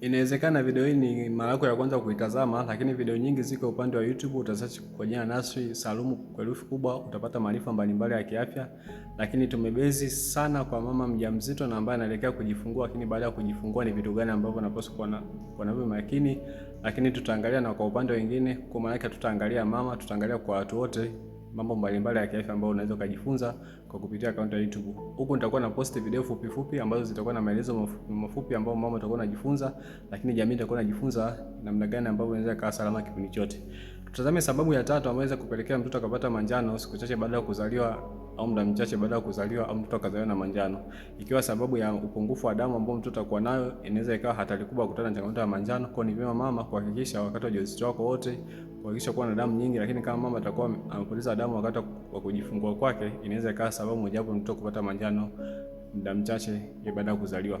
Inawezekana video hii ni mara yako ya kwanza kuitazama, lakini video nyingi ziko upande wa YouTube. Utasearch kwa jina Nasri Salumu kwa herufi kubwa, utapata maarifa mbalimbali ya kiafya, lakini tumebezi sana kwa mama mjamzito na ambaye anaelekea kujifungua, lakini baada ya kujifungua ni vitu gani ambavyo anapaswa kuwa navyo makini, lakini tutaangalia na kwa upande wengine, kwa maana yake tutaangalia mama, tutaangalia kwa watu wote mambo mbalimbali ya kiafya ambayo unaweza ukajifunza kwa kupitia akaunti ya YouTube. Huku nitakuwa na post video fupi fupi ambazo zitakuwa na maelezo mafupi ambayo mama atakuwa anajifunza, lakini jamii itakuwa inajifunza namna gani ambavyo unaweza kaa salama kipindi chote. Tutazame sababu ya tatu ambayo inaweza kupelekea mtoto akapata manjano siku chache baada ya kuzaliwa au muda mchache baada ya kuzaliwa au mtoto akazaliwa na manjano, ikiwa sababu ya upungufu wa damu ambao mtoto atakuwa nayo, inaweza ikawa hatari kubwa kukutana na changamoto ya manjano. Kwa ni vyema mama kuhakikisha wakati wa ujauzito wako wote kuhakikisha kuwa na damu nyingi, lakini kama mama atakuwa amepoteza damu wakati wa kujifungua kwake, inaweza ikawa sababu mojawapo mtoto kupata manjano muda mchache baada ya kuzaliwa.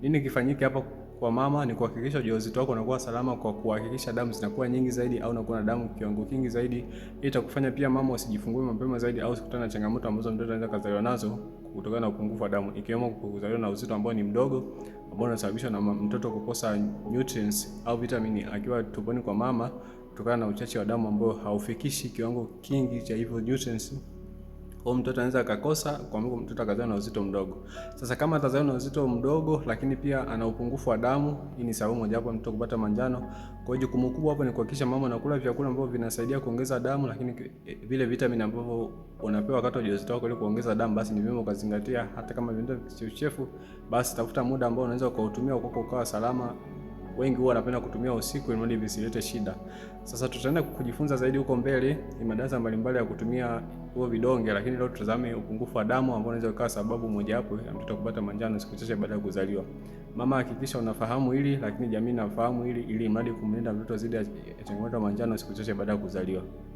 Nini kifanyike hapa kwa mama ni kuhakikisha ujauzito wako unakuwa salama kwa kuhakikisha damu zinakuwa nyingi zaidi au unakuwa na damu kiwango kingi zaidi. Itakufanya pia mama usijifungue mapema zaidi au usikutane na changamoto ambazo mtoto anaweza kuzaliwa nazo kutokana na upungufu wa damu, ikiwemo kuzaliwa na uzito ambao ni mdogo ambao unasababishwa na mtoto kukosa nutrients au vitamini akiwa tumboni kwa mama kutokana na uchache wa damu ambao haufikishi kiwango kingi cha hivyo nutrients huyo mtoto anaweza akakosa kwa kuamka, mtoto akazaliwa na uzito mdogo. Sasa kama atazaliwa na uzito mdogo, lakini pia ana upungufu wa damu, hii ni sababu moja hapo mtoto kupata manjano. Kwa hiyo jukumu kubwa hapo ni kuhakikisha mama anakula vyakula ambavyo vinasaidia kuongeza damu, lakini eh, vile vitamini ambavyo unapewa wakati wa ujauzito wako ili kuongeza damu, basi ni vyema ukazingatia. Hata kama vinaenda kichefuchefu, basi tafuta muda ambao unaweza ukautumia ukoko ukawa salama wengi huwa wanapenda kutumia usiku ili visilete shida. Sasa tutaenda kujifunza zaidi huko mbele ni madarasa mbalimbali ya kutumia huo vidonge, lakini leo tutazame upungufu wa damu ambao unaweza kuwa sababu mojawapo ya mtoto kupata manjano siku chache baada ya kuzaliwa. Mama, hakikisha unafahamu hili, lakini jamii nafahamu hili, ili mradi kumlinda mtoto dhidi ya changamoto ya manjano siku chache baada ya kuzaliwa.